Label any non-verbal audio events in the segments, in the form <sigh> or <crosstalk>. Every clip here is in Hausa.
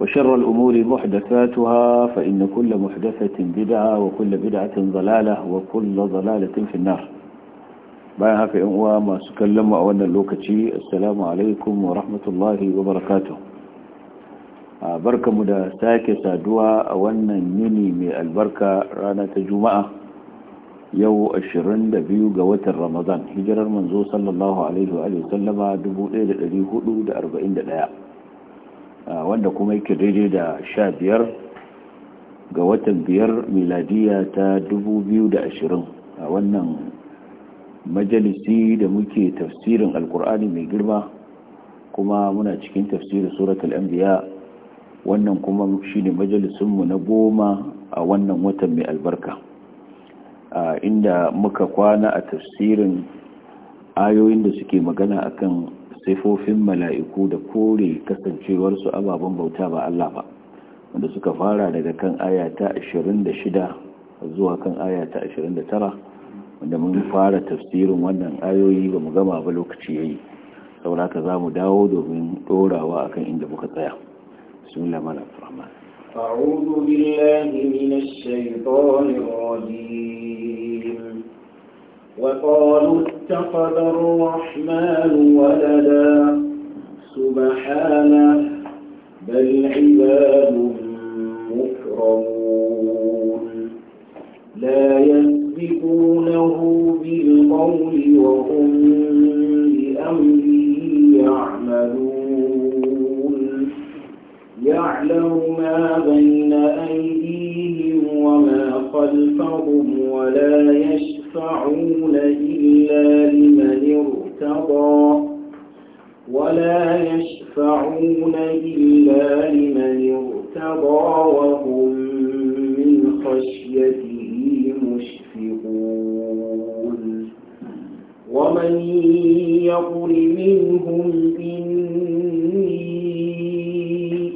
وشر الأمور محدثاتها فإن كل محدثة بدعة وكل بدعة ضلالة وكل ضلالة في النار بايها في أموة ما سكلم وأولنا اللوكتي السلام عليكم ورحمة الله وبركاته بركة مدى ساكي سادوا أولنا يني من البركة رانا تجمعة يو أشرين دبيو قوة رمضان هجر المنزو صلى الله عليه وآله وسلم دبو إيد الذي هدو دا أربعين دقائق wanda kuma yake daidai da sha biyar ga watan biyar miladiya ta dubu biyu da ashirin a wannan majalisi da muke tafsirin alkur'ani mai girma kuma muna cikin tafsirin suratul anbiya wannan kuma shine majalisunmu na goma a wannan watan mai albarka a inda muka kwana a tafsirin ayoyin da suke magana akan sifofin mala'iku da kore kasancewarsu ababen bauta ba Allah ba wanda suka fara daga kan ayata 26 zuwa kan ayata 29 wanda mun fara tafsirin wannan ayoyi ba mu gama ba lokaci yayi sauraka za mu dawo domin ɗorawa akan inda muka tsaya bismillah malam rahman أعوذ وقالوا اتخذ الرحمن ولدا سبحانه بل عباد مكرمون لا يسبقونه بالقول وهم بأمره يعملون يعلم ما بين أيديهم وما خلفهم ولا يشعرون يشفعون إلا لمن ارتضى ولا يشفعون إلا لمن ارتضى وهم من خشيته مشفقون ومن يقل منهم إني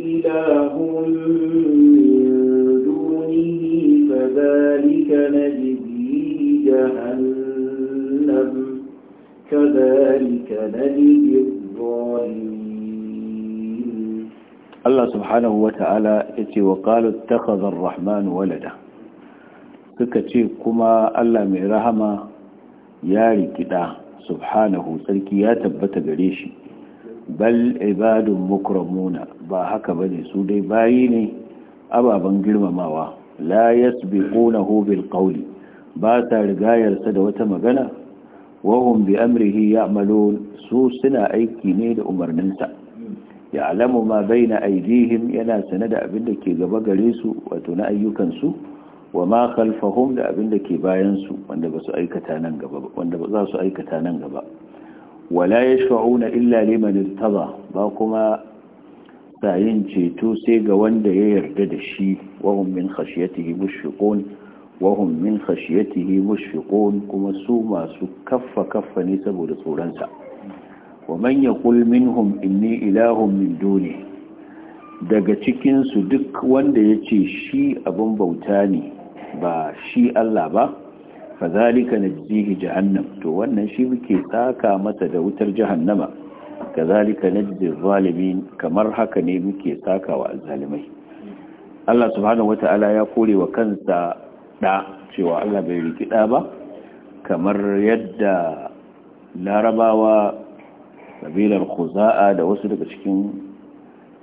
إله من دونه فذلك نجد كذلك نجد الظالمين الله سبحانه وتعالى يتي وقالوا اتخذ الرحمن ولدا سكتي كما الله من رحمه يا ركدا سبحانه سلكي يا تبت غريشي bal ibadun mukramuna ba haka bane su dai bayi ababen girmamawa la yasbiqunahu bil qawli ba ta rigayarsa da wata magana wahun bi amrihi ya'malun su suna aiki ne da umarninsa alamu ma baina aydihim yana sane da abin da ke gaba gare su wato na ayyukan su wa ma khalfahum da abin da ke bayan su wanda ba su aikata nan gaba wanda ba za su aikata nan gaba wala illa liman ba kuma sayin ceto sai ga wanda ya yarda da shi wahum min khashyatihi mushfiqun wahum min khashiyatihi mushfiqun kuma su masu kaffa kaffa ne saboda tsoronsa wa man yaqul minhum inni ilahun min duni daga cikin su duk wanda yace shi abun bauta ne ba shi Allah ba fadhalika najzihi jahannam to wannan shi muke saka masa da wutar jahannama kazalika najzi zalimin kamar haka ne muke saka wa azzalimai Allah subhanahu wataala ya kore wa kansa Da cewa Allah bai riki ɗa ba kamar yadda larabawa kabilar khuza'a da wasu daga cikin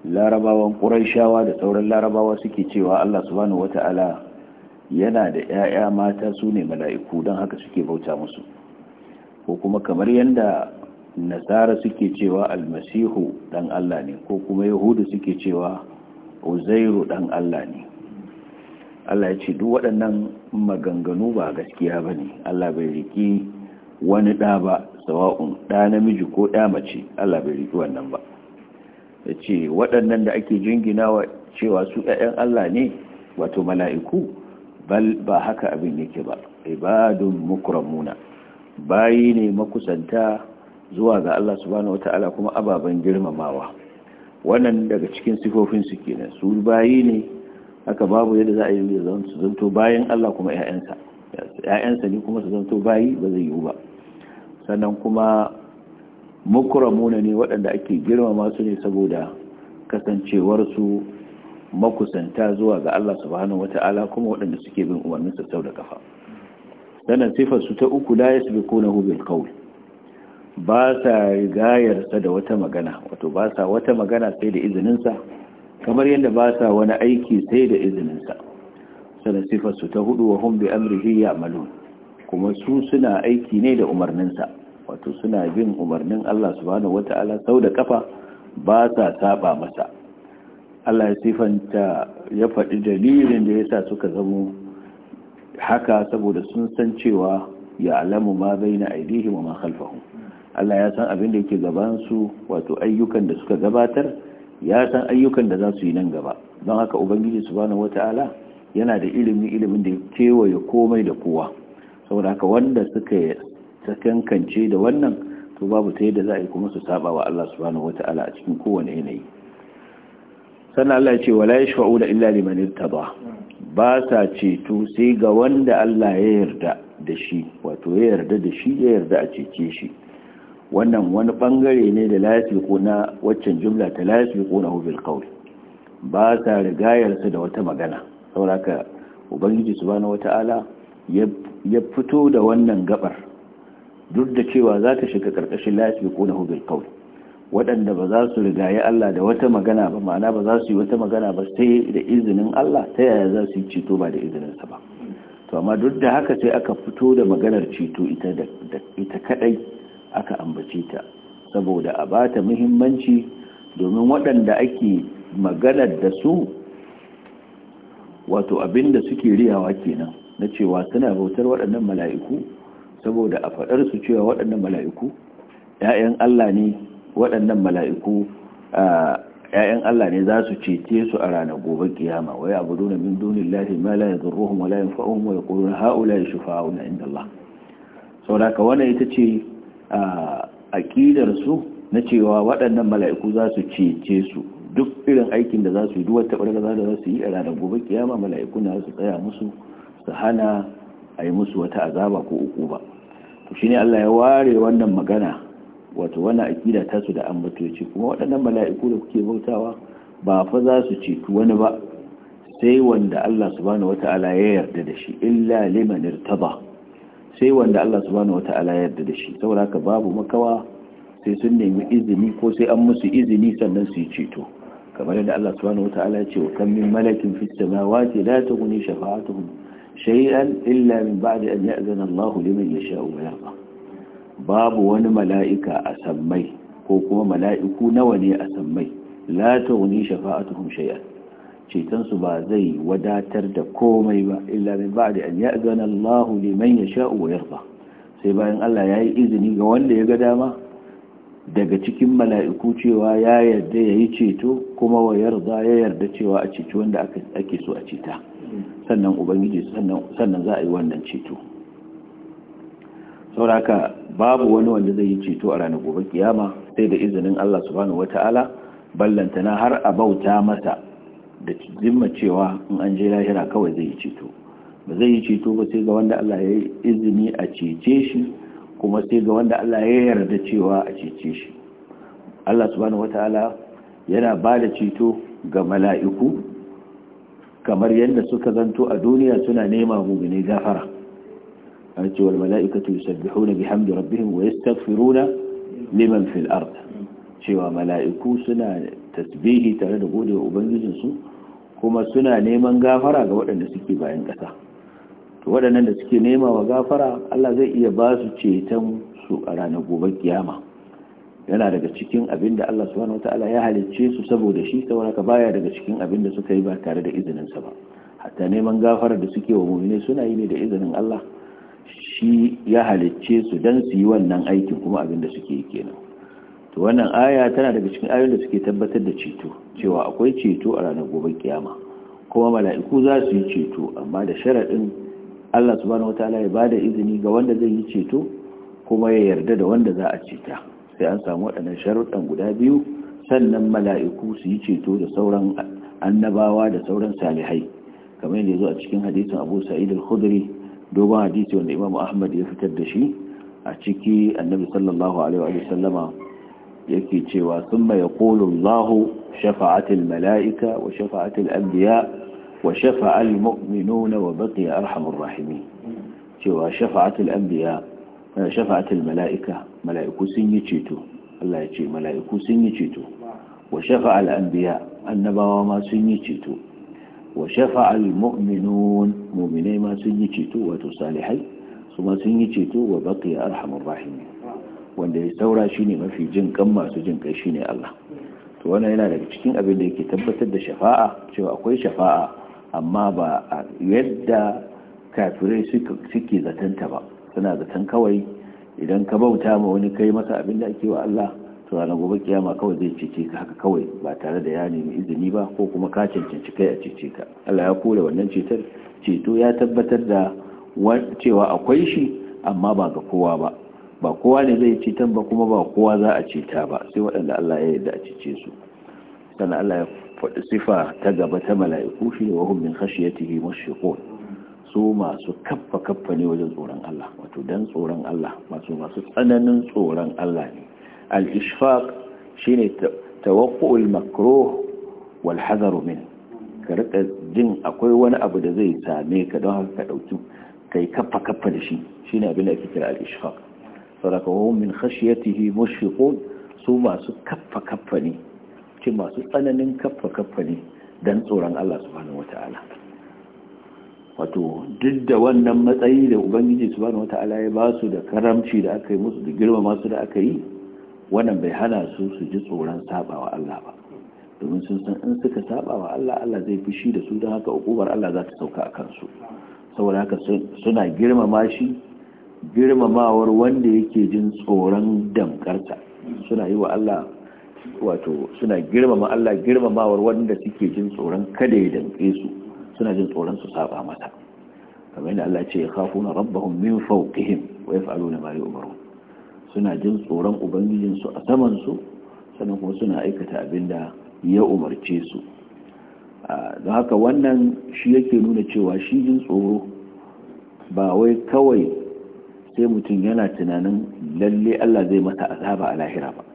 larabawan ƙuraishawa da sauran larabawa suke cewa Allah subhanahu wata'ala yana da 'ya'ya mata su ne mala'iku don haka suke bauta musu ko kuma kamar yadda nasara suke cewa almasihu dan Allah ne ko kuma yahudu suke cewa uzairu dan Allah ne Allah ya ce duk waɗannan maganganu ba gaskiya ba ne Allah bai riki wani ɗa ba sawa'un ɗa namiji ko ɗa mace Allah bai riki wannan ba ya ce waɗannan da ake jinginawa cewa su ‘ya'yan Allah ne wato mala'iku ba haka abin yake ba ibadun mukramuna bayi ne makusanta zuwa ga Allah subhanahu wata'ala kuma ababen girmamawa wannan daga cikin sifofin su kenan su bayi ne haka babu yadda za a yi ya zama su zanto bayan Allah kuma ƴaƴansa ƴaƴansa ne kuma su zanto bayi ba zai yiwu ba sannan kuma makuramuna ne waɗanda ake girmama su ne saboda kasancewarsu makusanta zuwa ga Allah subhanahu wata'ala kuma waɗanda suke bin umarnin sa sau da kafa sannan sifar su ta uku la kona hubin qawl ba sa rigayarsa da wata magana wato ba sa wata magana sai da izininsa kamar yadda ba sa wani aiki sai da izininsa sada sifarsu ta hudu wa hun bi amrihi ya malu kuma su suna aiki ne da umarninsa wato suna bin umarnin Allah subhanahu wata'ala sau da kafa ba sa saba masa Allah ya sifanta ya faɗi dalilin da ya sa suka zamo haka saboda sun san cewa ya alamu ma bai na aidihi wa ma Allah ya san abin da yake gabansu wato ayyukan da suka gabatar ya san ayyukan da za su yi nan gaba don haka ubangiji subhanahu wata'ala yana da ilimin ilimin da kewaye komai da kowa saboda haka wanda suka takankance da wannan to babu ta yadda za a yi kuma su saba wa Allah subhanahu wata'ala a cikin kowane yanayi sannan Allah ya ce wala yashfa'u illa liman irtada ba sa ceto sai ga wanda Allah ya yarda da shi wato ya yarda da shi ya yarda a cece shi wannan wani bangare ne da lafi na waccan jumla ta lafi na hubil kawai ba sa rigayarsa da wata magana sauraka ubangiji su bane wata'ala ya fito da wannan gabar duk da cewa za ta shiga karkashin lafi na hubil kawai waɗanda ba za su rigaye Allah da wata magana ba ma'ana ba za su yi wata magana ba sai da izinin Allah ta yaya za su yi ceto ba da izinin izininsa ba to amma duk da haka sai aka fito da maganar ceto ita kadai aka ambace ta saboda a ba ta muhimmanci domin waɗanda ake maganar da su wato abin da suke riyawa kenan na cewa suna bautar waɗannan mala'iku saboda a faɗar su cewa waɗannan mala'iku ‘ya'yan Allah ne waɗannan mala'iku ‘ya'yan Allah ne za su cece su a ranar gobe kiyama wai abu duna min dunin lahi ma la ya wa la fa'un wa ya ha'ula ya shufa inda Allah saboda ka wani ita ce A su na cewa waɗannan mala'iku za su cece su duk irin aikin da za su yi duwar taɓargaza da za su yi a ranar gobe kiyama mala'iku na su tsaya musu su hana a yi musu wata azaba ko uku ba to shi ne allah ya ware wannan magana wato wannan aƙida ta su da an kuma waɗannan mala'iku da kuke bautawa ba fa za su cetu wani ba sai wanda allah subhanahu bani ya yarda da shi illa limanir taba sai wanda Allah subhanahu wata'ala ya yarda da shi saboda haka babu makawa sai sun nemi izini ko sai an musu izini sannan su yi ceto kamar yadda Allah subhanahu wata'ala ya ce wa kan min malakin fis samawati la tughni shafa'atuhum shay'an illa min ba'di an ya'zana Allah liman yasha'u wa yarda babu wani mala'ika a sammai ko kuma mala'iku nawa ne a sammai la tughni shafa'atuhum shay'an cetonsu ba zai wadatar da komai ba illa ba da an ya'zana Allahu liman yasha'u wa yarda sai bayan Allah ya yi izini ga wanda ya ga dama daga cikin mala'iku cewa ya yarda ya yi ceto kuma wa yarda ya yarda cewa a ceci wanda ake so a ceta sannan ubangiji sannan za a yi wannan ceto sauraka babu wani wanda zai yi ceto a ranar gobe kiyama sai da izinin Allah subhanahu wata'ala ballantana har a bauta masa da zimma cewa in an je lahira kawai zai yi ceto ba zai yi ceto ba sai ga wanda Allah ya yi izini a cece shi kuma sai ga wanda Allah ya yarda cewa a cece shi Allah subhanahu wataala yana ba da ceto ga mala'iku kamar yadda suka zanto a duniya suna nema mumini gafara a ce wal mala'ikatu yusabbihuna bihamdi rabbihim wa yastaghfiruna liman fil ard cewa mala'iku suna tasbihi tare da godewa su kuma suna neman gafara ga waɗanda suke bayan ƙasa to waɗannan da suke nema wa gafara Allah zai iya ba su ceton su a ranar gobe kiyama yana daga cikin abin da Allah subhanahu ta'ala ya halicce su saboda shi saboda ka baya daga cikin abin da suka yi ba tare da izinin sa ba hatta neman gafara da suke wa mu'mini suna yi ne da izinin Allah shi ya halicce su dan su yi wannan aikin kuma abin da suke yi kenan wannan aya tana daga cikin ayoyin da suke tabbatar da ceto cewa akwai ceto a ranar gobe kiyama kuma mala'iku za su yi ceto amma da sharaɗin Allah subhanahu wataala ya bada izini ga wanda zai yi ceto kuma ya yarda da wanda za a ceta sai an samu waɗannan sharuɗan guda biyu sannan mala'iku su yi ceto da sauran annabawa da sauran salihai kamar yadda ya zo a cikin hadisin abu sa'id al-khudri dogon hadisi wanda imam ahmad ya fitar da shi a ciki annabi sallallahu alaihi wa sallama yake cewa sun mai kolin lahu shafa'atul mala'ika wa shafa'atul abdiya wa shafa'al mu'minuna wa baqiya arhamur rahimi cewa shafa'atul abdiya eh, shafa'atul mala'ika mala'iku sun yi ceto Allah ya ce mala'iku sun yi ceto wa shafa'al anbiya annabawa ma sun yi ceto wa shafa'al mu'minun mu'minai ma sun yi ceto wato salihai kuma ma sun yi ceto wa baqiya arhamur rahimi wanda ya saura shine mafi jin kan masu jin kai shine Allah to wannan yana daga cikin abin da yake tabbatar da shafa'a cewa akwai shafa'a amma ba a yadda kafirai suke zatanta ba suna zatan kawai idan ka bauta ma wani kai masa abin da ake wa Allah to ranar gobe kiyama kawai zai cece ka haka kawai ba tare da ya nemi izini ba ko kuma ka cancanci kai a cece ka Allah ya kore wannan cetar ceto ya tabbatar da cewa akwai shi amma ba ga kowa ba ba kowa ne zai ce ba kuma ba kowa za a ce ba sai waɗanda Allah ya yarda a su sannan Allah ya faɗi sifa ta gaba ta mala'iku shi wa hum min khashyatihi mushfiqun su masu kaffa kaffa ne wajen tsoron Allah wato dan tsoron Allah masu masu tsananin tsoron Allah ne al-ishfaq shine tawaqqu'ul makruh wal hadar min ka rika jin akwai wani abu da zai same ka don haka ka dauki kai kaffa kaffa da shi shine abin da ake kira al-ishfaq sadakawun min khashiyatihi mushfiqun su masu kaffa kaffa ne ce masu tsananin kaffa kaffa ne dan tsoron Allah subhanahu wata'ala wato duk da wannan matsayi da ubangiji subhanahu wata'ala ya ba su da karamci da aka yi musu da girmama su da aka yi wannan bai hana su su ji tsoron sabawa Allah ba domin sun san in suka sabawa Allah Allah zai fushi da su don haka hukumar Allah za ta sauka a su saboda haka suna girmama shi girmamawar wanda yake jin tsoron damkarsa suna yi wa Allah wato suna girmama Allah girmamawar wanda suke jin tsoron kada ya damke su suna jin tsoron su saba mata kamar yadda Allah ce ya kafu na rabbahun min fauqihim wa yaf'aluna ma yu'marun suna jin tsoron ubangijin su a saman su sannan kuma suna aikata abinda ya umarce su don haka wannan shi yake nuna cewa shi jin tsoro ba wai kawai sai mutum yana tunanin lalle Allah zai masa azaba a lahira ba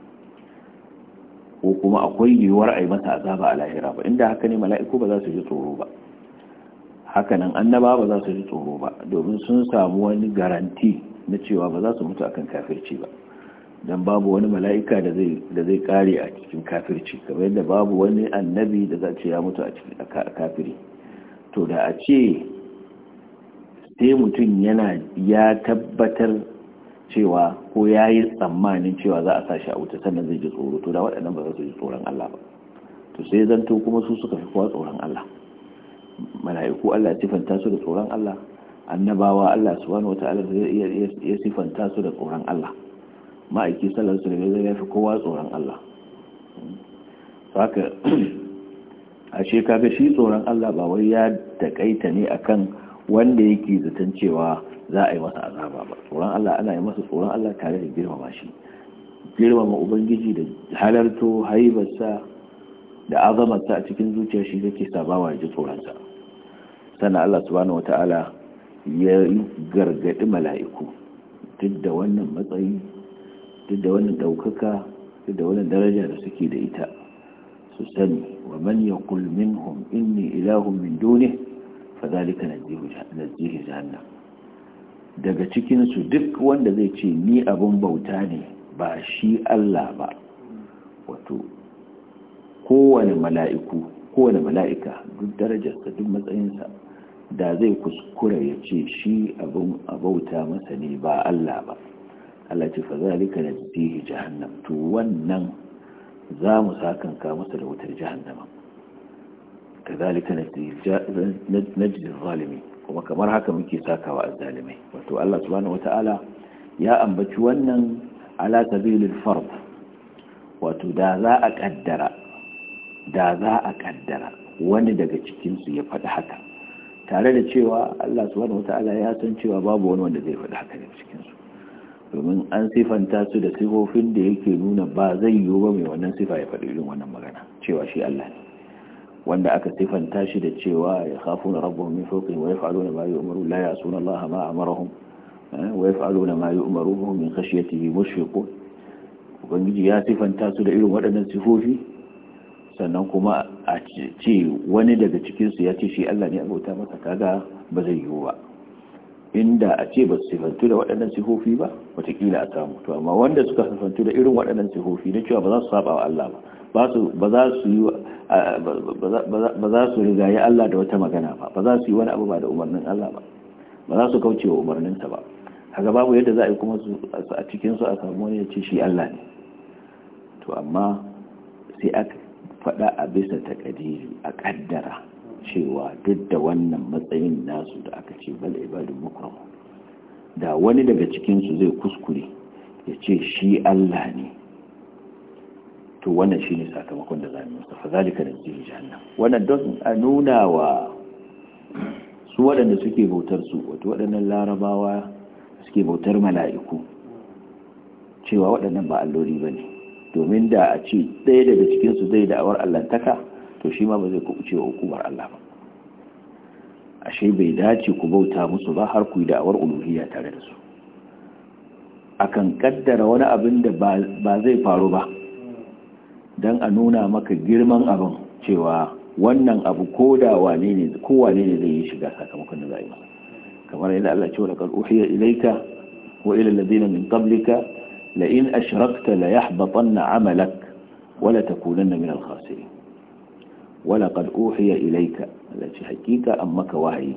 ko kuma akwai yiwuwar a yi masa azaba a lahira ba inda haka ne mala'iku ba za su ji tsoro ba hakanan annaba ba za su ji tsoro ba domin sun samu wani garanti na cewa ba za su mutu akan kafirci ba dan babu wani mala'ika da zai kare a cikin kafirci kamar yadda babu wani annabi da za ce ya mutu a cikin kafiri to da a ce sai mutum yana ya tabbatar cewa ko ya yi tsammanin cewa za a sa shi a wuta sannan zai ji tsoro to da waɗannan ba za su ji tsoron Allah ba to sai zanto kuma su suka fi kowa tsoron Allah mala'iku Allah ya sifanta su da tsoron Allah annabawa Allah subhanahu wata'ala ya sifanta su da tsoron Allah ma'aiki sallar su da ya fi kowa tsoron Allah saka a <clears throat> shekaga shi tsoron Allah ba wai ya takaita ne akan wanda yake zaton cewa za a yi masa azaba ba tsoron Allah ana yi masa tsoron Allah tare da girmama shi girmama ubangiji da halarto haibarsa da azamarsa a cikin zuciyar shi yake sabawa ya ji tsoronsa sana Allah subhanahu wata'ala ya gargadi mala'iku duk da wannan matsayi duk da wannan daukaka duk da wannan daraja da suke da ita su sani wa man yaqul minhum inni ilahun min dunihi kazalika nazihi jahannam daga cikinsu duk wanda zai ce ni abin bauta ne ba shi Allah ba wato kowane mala'iku kowane mala'ika duk darajarsa duk matsayinsa da zai kuskura ya ce shi abin abauta masa ne ba Allah ba Allah ce fa zalika najzihi jahannam to wannan za mu sakanka masa da wutar jahannama kazalika najzi zalimi kuma kamar haka muke sakawa azzalimai wato Allah subhanahu wata'ala ya ambaci wannan ala sabilil fard wato da za a kaddara da za a kaddara wani daga cikin su ya faɗi haka tare da cewa Allah subhanahu wata'ala ya san cewa babu wani wanda zai faɗi haka daga cikin su domin an sifanta su da sifofin da yake nuna ba zai yiwu ba mai wannan sifa ya faɗi irin wannan magana cewa shi Allah ne wanda aka sifanta shi da cewa ya khafuna rabbahum min fawqihim wa yaf'aluna ma yu'maru la ya'suna Allah ma amarahum eh, wa yaf'aluna ma yu'maru min khashyatihi mushfiqun ubangiji ya sifanta su da irin waɗannan sifofi sannan kuma a ce wani daga cikinsu ya ce shi Allah ne abota masa kaga ba zai yiwu ba inda a ce ba su sifantu da waɗannan sifofi ba watakila a samu to amma wanda suka sifantu da irin waɗannan sifofi na cewa ba za su saba wa Allah ba ba za su yi ba za su rigaye Allah da wata magana ba ba za su yi wani abu ba da umarnin Allah ba ba za su kauce wa umarninsa ba haka babu yadda za a yi kuma a cikinsu a samu wani ya ce shi Allah ne to amma sai aka faɗa a bisa takadiri a ƙaddara cewa duk da wannan matsayin nasu da aka ce bal ibadun mukram da wani daga cikinsu zai kuskure ya ce shi Allah ne to wannan shi ne sakamakon da zamu masa fa zalika najzi jahannam wannan don a nuna wa su waɗanda suke bautar su wato waɗannan larabawa suke bautar mala'iku cewa waɗannan ba alloli ne. domin da a ce ɗaya daga cikin su zai da'awar allantaka to shi ma ba zai ku cewa hukumar Allah ba ashe bai dace ku bauta musu ba har ku yi da'awar uluhiyya tare da su akan kaddara wani abin da ba zai faru ba don a nuna maka girman abin cewa wannan abu ko da wane ne kowane ne zai yi shiga sakamakon da zai masa kamar yadda Allah ce cewa laqad uhiya ilayka wa ila alladhina min qablika la in ashrakta la yahbatanna 'amalak wa la takunanna min al-khasirin wa laqad uhiya ilayka allati haqiqa ammaka wahayi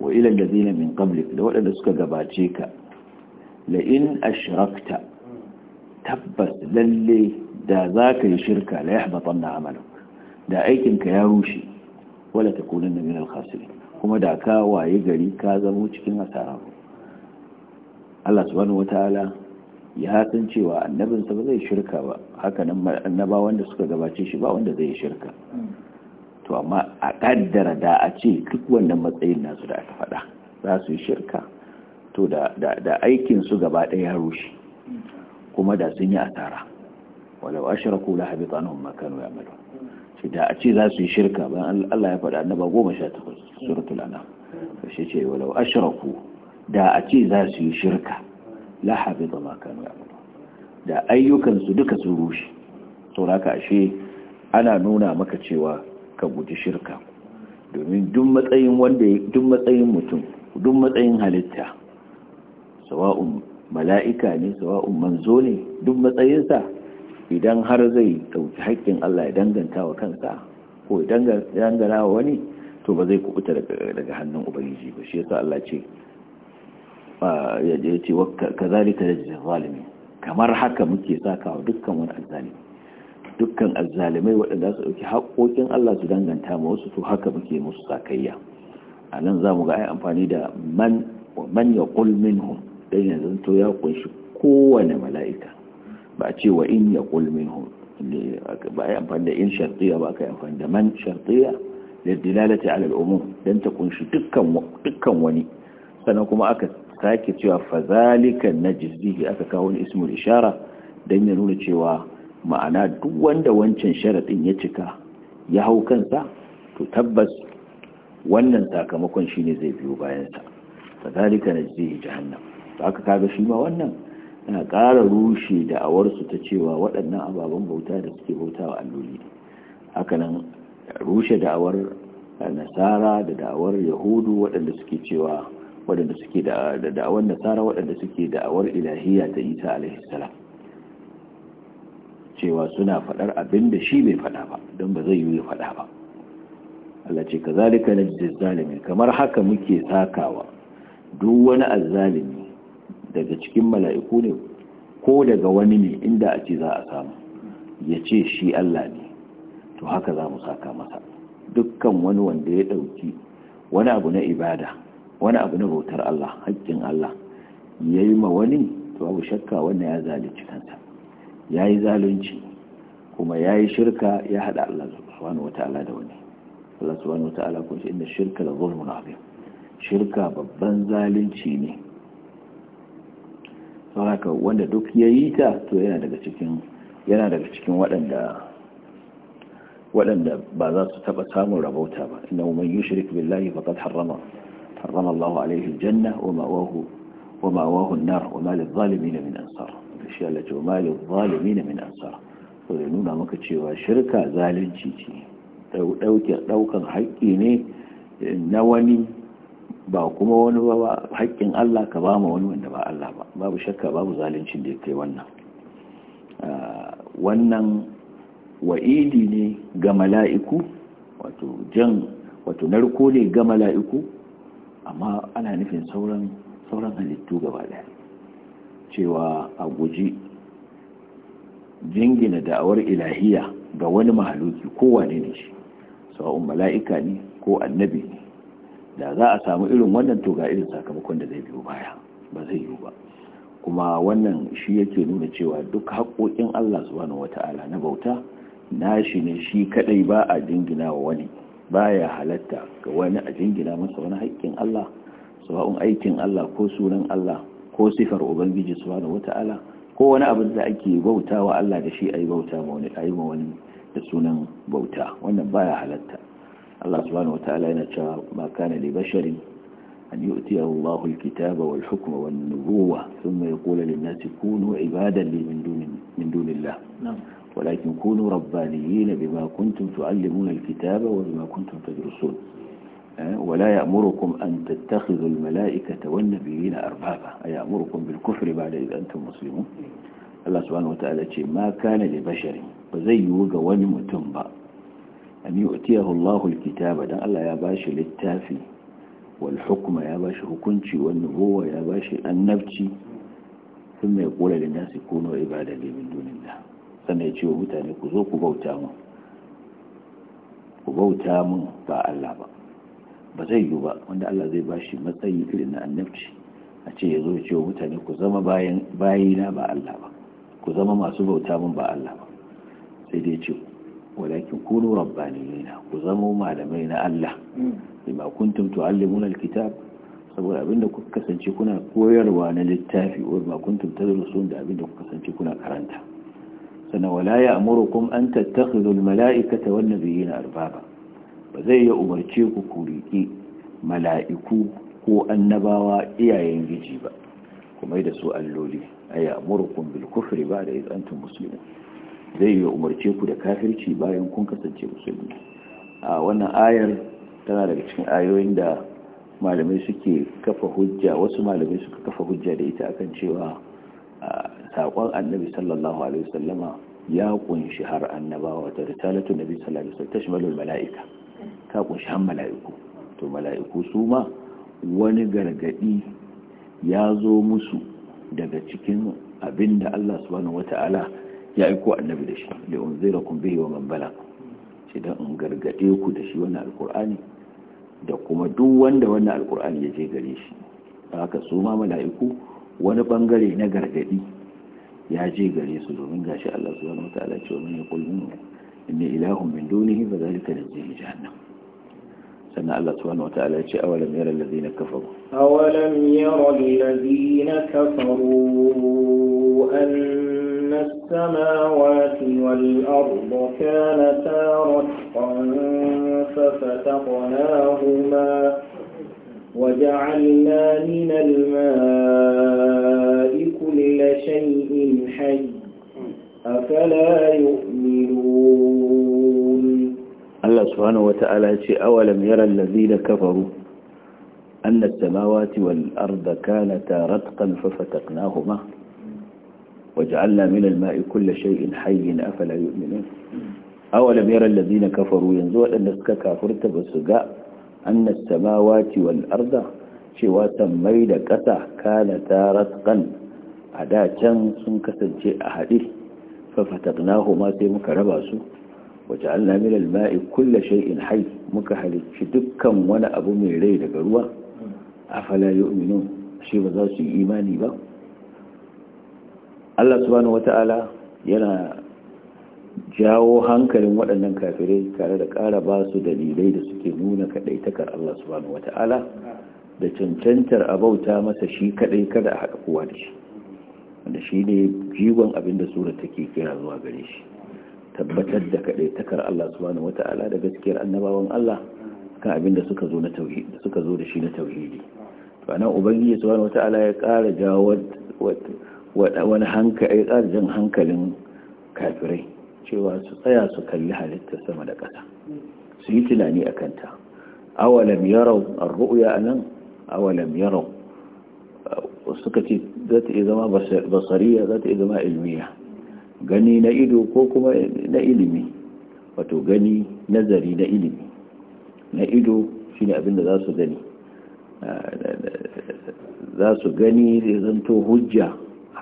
wa ila alladhina min qablik da wadanda suka gabace ka la in ashrakta tabbas lalle da za ka yi shirka la yahbatan na amalin da aikinka ya rushe wala ta kunan na minal khasirin kuma da ka waye gari ka zamo cikin asara Allah subhanahu wataala ya san cewa annabinsa ba zai shirka ba haka nan annaba wanda suka gabace shi ba wanda zai shirka to amma a kaddara da a ce duk wannan matsayin nasu da aka faɗa za su yi shirka to da su gaba ɗaya ya rushe kuma da sun yi asara walau ashraku la habita anhum ma kanu ya'malun shi da a ce za su yi shirka bayan Allah ya faɗa annaba 18 suratul anam to shi ce walau ashraku da a ce za su yi shirka la habita ma kanu ya'malun da ayyukan su duka sun rushe sauraka ashe ana nuna maka cewa ka guji shirka domin duk matsayin wanda duk matsayin mutum duk matsayin halitta sawa'un mala'ika ne sawa'un manzo ne duk matsayinsa idan har zai dauki haƙƙin Allah ya danganta wa kansa ko ya dangana wa wani to ba zai kubuta daga hannun ubangiji ba shi yasa Allah ce ya je ce kazalika yajzi zalimi kamar haka muke sakawa dukkan wani azzalimi dukkan azzalimai waɗanda su dauki haƙoƙin Allah su danganta ma wasu to haka muke musu sakayya a nan za ga ai amfani da man man ya minhum dan yanzu to ya kunshi kowane mala'ika ba ce wa in ya kulmin hun ba ya amfani da in shartiya ba ka yi amfani da man shartiya da dilalata alal umum don ta kunshi dukkan wani sannan kuma aka sake cewa fazalika na jizdihi aka kawo wani ismul ishara don ya nuna cewa ma'ana duk wanda wancan sharaɗin ya cika ya hau kansa to tabbas wannan sakamakon shine zai biyo bayansa fazalika na jizdihi jahannam aka kaga shi ma wannan Ana ƙara rushe da'awarsu ta cewa waɗannan ababen bauta da suke bauta wa alloli hakanan rushe da'awar eh, nasara da da'awar yahudu waɗanda suke cewa waɗanda suke da da'awar nasara waɗanda suke da'awar ilahiya ta isa alaihissalam cewa suna faɗar abin da shi bai faɗa ba don ba zai yi faɗa ba Allah ce ka zalika na zalimi kamar haka muke sakawa duk wani azzalimi daga cikin mala'iku ne ko daga wani ne inda a ce za a samu ya ce shi Allah ne to haka za mu saka masa dukkan wani wanda ya ɗauki wani abu na ibada wani abu na bautar Allah haƙƙin Allah ya yi ma wani to abu shakka wanda ya zalunci kansa ya yi zalunci kuma ya yi shirka ya haɗa Allah subhanahu wa ta'ala da wani Allah subhanahu wa ta'ala kun shi inda shirka da zulmun abin. shirka babban zalunci ne don haka wanda duk ya yi ta to yana daga cikin yana daga cikin waɗanda waɗanda ba za su taɓa samun rabauta ba inna man yushrik billahi faqad harrama harrama Allah alaihi aljanna wa ma'wahu wa ma'wahu an-nar wa ma zalimi zalimin min ansar shi Allah ce ma zalimi zalimin min ansar to da nuna maka cewa shirka zalunci ce ɗaukan haƙƙi ne na wani ba kuma wani ba haƙƙin Allah ka ba ma wani wanda ba Allah ba babu shakka babu zalincin da ya kai wannan ah, wannan wa'idi ne ga mala'iku wato jan wato narko ne ga mala'iku amma ana nufin sauran sauran halittu gaba daya cewa a guji jingina da'awar ilahiya ga wani mahaluki kowane ne shi sau'un mala'ika ne ko annabi ne da za a samu irin wannan to irin sakamakon da zai biyo baya ba zai yiwu ba kuma wannan shi yake nuna cewa duk haƙoƙin Allah subhanahu wata'ala na bauta nashi ne shi kadai ba a jingina wa wani baya halatta ga wani a jingina masa wani haƙƙin Allah sawa'un aikin Allah ko sunan Allah ko sifar ubangiji subhanahu wata'ala ko wani abin da ake bautawa Allah da shi ayi bauta ma wani ayi ma wani da sunan bauta wannan baya halatta الله سبحانه وتعالى إن شاء ما كان لبشر أن basharin الله الكتاب والحكم والنبوة ثم يقول للناس كونوا عبادا لي من دون من دون الله ولكن كونوا ربانيين بما كنتم تعلمون الكتاب وبما كنتم تدرسون ولا يأمركم أن تتخذوا الملائكة والنبيين أربابا أيأمركم بالكفر بعد إذ أنتم مسلمون الله سبحانه وتعالى ما كان لبشر وزي وقوان an yu'tiyahu Allahu al-kitaba dan Allah ya bashi littafi wal hukma ya bashi hukunci wan nubuwa ya bashi annabci thumma yaqulu lin nasi ibada ne min dunillah sannan ya ce wa mutane ku zo ku bauta mu ku bauta mun ba Allah ba ba zai yiwu ba wanda Allah zai bashi matsayi irin na annabci a ce ya zo ya ce wa mutane ku zama bayina ba Allah ba ku zama masu bauta mun ba Allah ba sai dai ce walakin ne rabbaniyina ku zamo malamai na Allah bima kuntum tuallimuna saboda abinda kuka kasance kuna koyarwa na littafi wa ma kuntum tadrusun da abinda kuka kasance kuna karanta sana wala ya'murukum an tattakhidhu almala'ikata wan nabiyina arbaba ba zai ya umarce ku ku riki mala'iku ko annabawa iyayen giji ba kuma da su alloli ay ya'murukum bil kufri ba da antum muslimun zai yi umarce ku da kafirci bayan kun kasance musulmi a wannan ayar tana daga cikin ayoyin da malamai suke kafa hujja wasu malamai suka kafa hujja da ita akan cewa saƙon annabi sallallahu alaihi wasallama ya kunshi har annabawa ta risalatu nabi sallallahu alaihi wasallam tashmalul mala'ika ta kunshi har mala'iku to mala'iku su ma wani gargadi ya zo musu daga cikin abinda Allah subhanahu wata'ala ya aiko annabi da shi da unzirakum bihi wa man shi sai in gargade ku da shi wannan alkur'ani da kuma duk wanda wannan alkur'ani ya je gare shi haka su ma mala'iku wani bangare na gargadi ya je gare su domin gashi Allah subhanahu wataala cewa mun yaqul min inni ilahun min dunihi fa zalika najzihi jahannam sannan Allah subhanahu wataala ya ce awalam yara allazina kafaru awalam yara allazina kafaru an أن السماوات والأرض كانتا رتقا ففتقناهما وجعلنا من الماء كل شيء حي أفلا يؤمنون الله سبحانه وتعالى أولم يرى الذين كفروا أن السماوات والأرض كانتا رتقا ففتقناهما وجعلنا من الماء كل شيء حي أفلا يؤمنون أولم يرى الذين كفروا ينزوا أنك كافرت بسقاء أن السماوات والأرض شوى تميد كتا كانتا رتقا عدا كان سنكتا جاء حديث ففتقناهما سيمك رباسو وجعلنا من الماء كل شيء حي مكحل شدكا وانا أبو من ريد قروا أفلا يؤمنون شيء بذاسي إيماني بقى Allah subhanahu wata'ala yana jawo hankalin waɗannan kafirai tare da ƙara ba su dalilai da suke nuna kaɗaitakar Allah subhanahu wata'ala da cancantar abauta masa shi kaɗai kada a haɗa kowa da shi wanda shi ne jigon abin da sura take kira zuwa gare shi tabbatar da kaɗaitakar Allah subhanahu wata'ala da gaskiyar annabawan Allah kan abin da suka zo na tauhidi suka zo da shi na tauhidi to anan ubangiji subhanahu wata'ala ya ƙara jawo wani hankali eh, ƙarjin hankalin kafirai cewa su tsaya su kalli halittar sama da ƙasa su yi tunani a kanta awalam yarau ru'uya a nan awalam yarau suka ce za ta iya zama basariya za ta iya zama ilmiya gani na ido ko kuma na ilimi wato gani nazari na ilimi na ido shine abinda za su gani ah, za su gani zai zanto hujja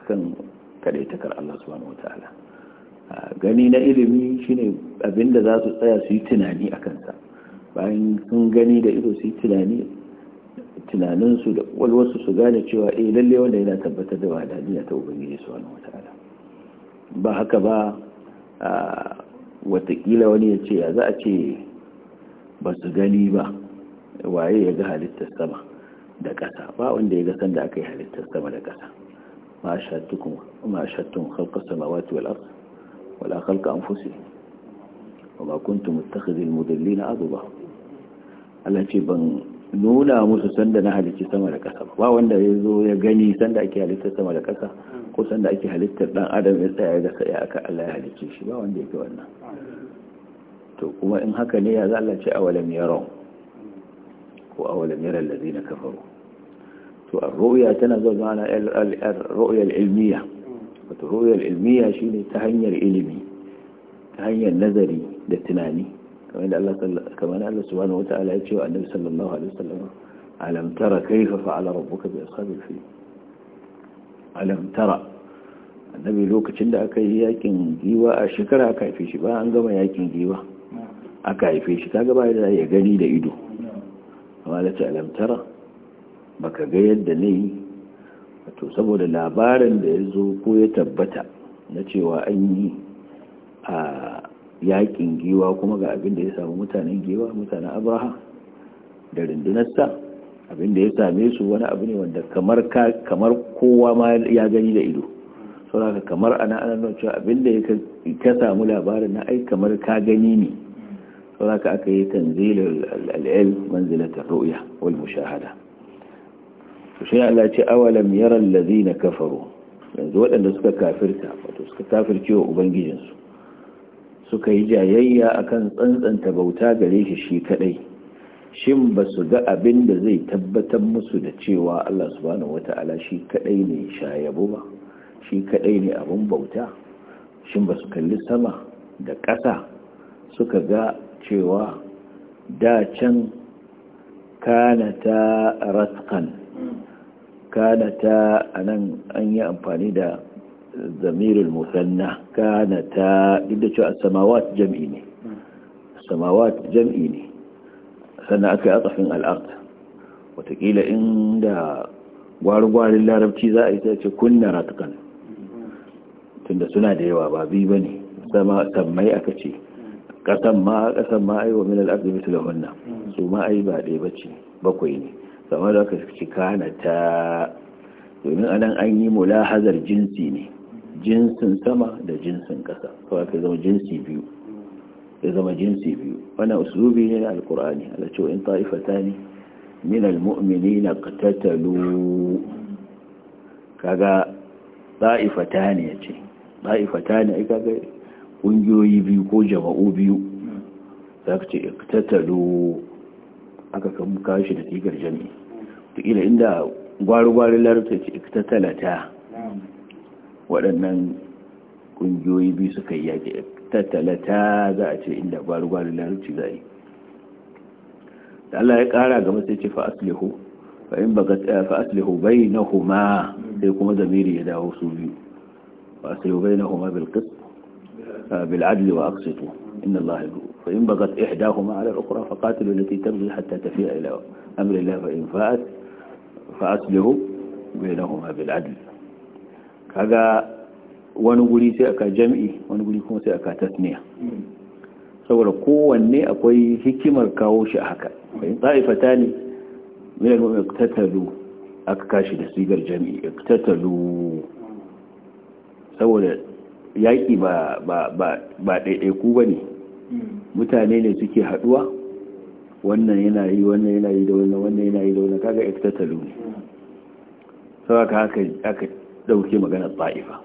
akan kadaitakar Allah subhanahu wataala gani na ilimi shine abinda za su tsaya su yi tunani a kansa bayan sun gani da ido su yi tunani tunaninsu da walwasu su gane cewa eh lalle wanda yana tabbatar da wadaniya ta ubangiji subhanahu wataala ba haka ba watakila wani ya ce ya za a ce ba su gani ba waye ya ga halittar sama da ƙasa ba wanda ya ga sanda aka yi halittar sama da ƙasa ما أشهدتكم وما أشهدتم خلق السماوات والأرض ولا خلق أنفسهم وما كنت متخذ المدلين عضبا التي بن nuna musu sanda na halicci sama da ƙasa ba wanda ya gani sanda ake halittar sama da ƙasa ko sanda ake halittar ɗan adam ya tsaya ga sai aka Allah ya halicce shi ba wanda yake wannan to kuma in haka ne ya za Allah ce awalam yarau ko kafaru to ar-ru'ya tana zuwa ma'ana ar-ru'ya al-ilmiya wato ru'ya al shine ta hanyar ilimi ta hanyar nazari da tunani kamar da Allah kamar Allah subhanahu wata'ala ya ce wa Annabi sallallahu alaihi wasallam alam tara kayfa fa'ala rabbuka bi ashabil fil alam tara annabi lokacin da aka yi yakin giwa a shekara aka haife shi ba an gama yakin giwa aka haife shi da ya gani da ido amma alamtara baka ga yadda na yi to saboda labarin da ya zo ko ya tabbata na cewa an yi a yakin giwa kuma ga abin da ya samu mutanen giwa mutanen abraha da rundunarsa abin da ya same su wani abu ne wanda kamar kowa ma ya gani da ido saboda kamar ana ana cewa abin da ya samu labarin na ai kamar ka gani ne saboda aka yi tanzilul al'il manzilatar ro'ya wal mushahada shi Allah ce awalam yara allazina kafaru yanzu waɗanda suka kafirta wato suka kafirce wa ubangijinsu suka yi jayayya akan tsantsanta bauta gare shi shi kadai shin ba su ga abin da zai tabbatar musu da cewa Allah subhanahu wata'ala shi kadai ne shayabo ba shi kadai ne abin bauta shin ba su kalli sama da ƙasa suka ga cewa da can kana ta ratkan kanata anan an yi amfani da zamirul musanna kanata duk da cewa samawat jam'i ne samawat jam'i ne sannan aka yi atsafin al'ard watakila inda gwargwarin larabci za a yi ta ce kunna ratukan tunda suna da yawa ba bi ba ne sama sammai aka ce kasan ma kasan ma aiwa min al'adu mislahunna su ma ai ba ɗaya bace bakwai ne kamar da aka ci kana ta domin anan an yi mulahazar jinsi ne jinsin sama da jinsin ƙasa to ka zama jinsi biyu ya zama jinsi biyu wannan uslubi ne na alkur'ani ala cewa in ne min almu'minina qatatalu kaga ta'ifatani yace ne ai kaga ƙungiyoyi biyu ko jama'u biyu zaka ce iqtatalu aka kawo shi da tigar jami'i tukila inda gwari-gwari larabta ce ta talata waɗannan ƙungiyoyi biyu suka yi yaƙi ta talata za a ce inda gwari-gwari larabci za a yi da Allah ya ƙara gaba sai ce fa'aslihu fa'in ba fa'aslihu bai na huma sai kuma zamiri ya dawo su biyu fa'aslihu bai na huma bilkis bil'adli wa aksitu inna Allah ya فإن بغت إحداهما على الأخرى فقاتلوا التي تبغي حتى تفيء إلى أمر الله فإن فأت فأصله بينهما بالعدل كذا wani guri sai aka jam'i wani guri kuma sai aka tasniya saboda kowanne akwai hikimar kawo shi a haka bayan ta'ifata ne mai nuna tattalu aka kashi da sigar jam'i tattalu saboda yaƙi ba ɗaiɗaiku ba ne mutane ne suke haduwa wannan yana yi wannan yana yi da wannan wannan yana yi da wannan kaga iktatalu ne sau aka haka aka dauke maganar ta'ifa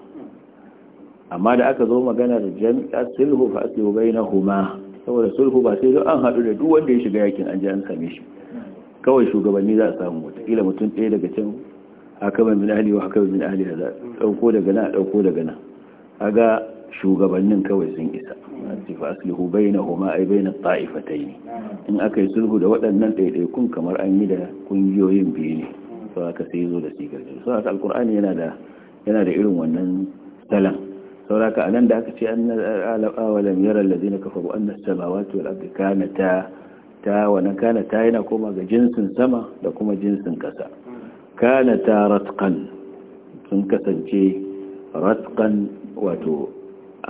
amma da aka zo magana da jami'a sulhu fa aslihu bainahuma saboda sulhu ba sai an hadu da duk wanda ya shiga yakin an je an same shi kawai shugabanni za a samu wataƙila mutum ɗaya daga can hakaman min ahli wa hakaman min ahli za a ɗauko daga nan a ɗauko daga nan a ga shugabannin kawai sun isa fa aslihu bainahuma ay bain at-ta'ifatayn in akai sulhu da waɗannan ɗaiɗaikun kamar an yi da kungiyoyin biyu ne to aka sai zo da sigar so haka alqur'ani yana da yana da irin wannan salan sauraka anan da aka ce an awalam yara allazina kafaru anna as-samawati wal ardi kanata ta wa ta yana koma ga jinsin sama da kuma jinsin kasa kanata ratqan sun kasance ratqan wato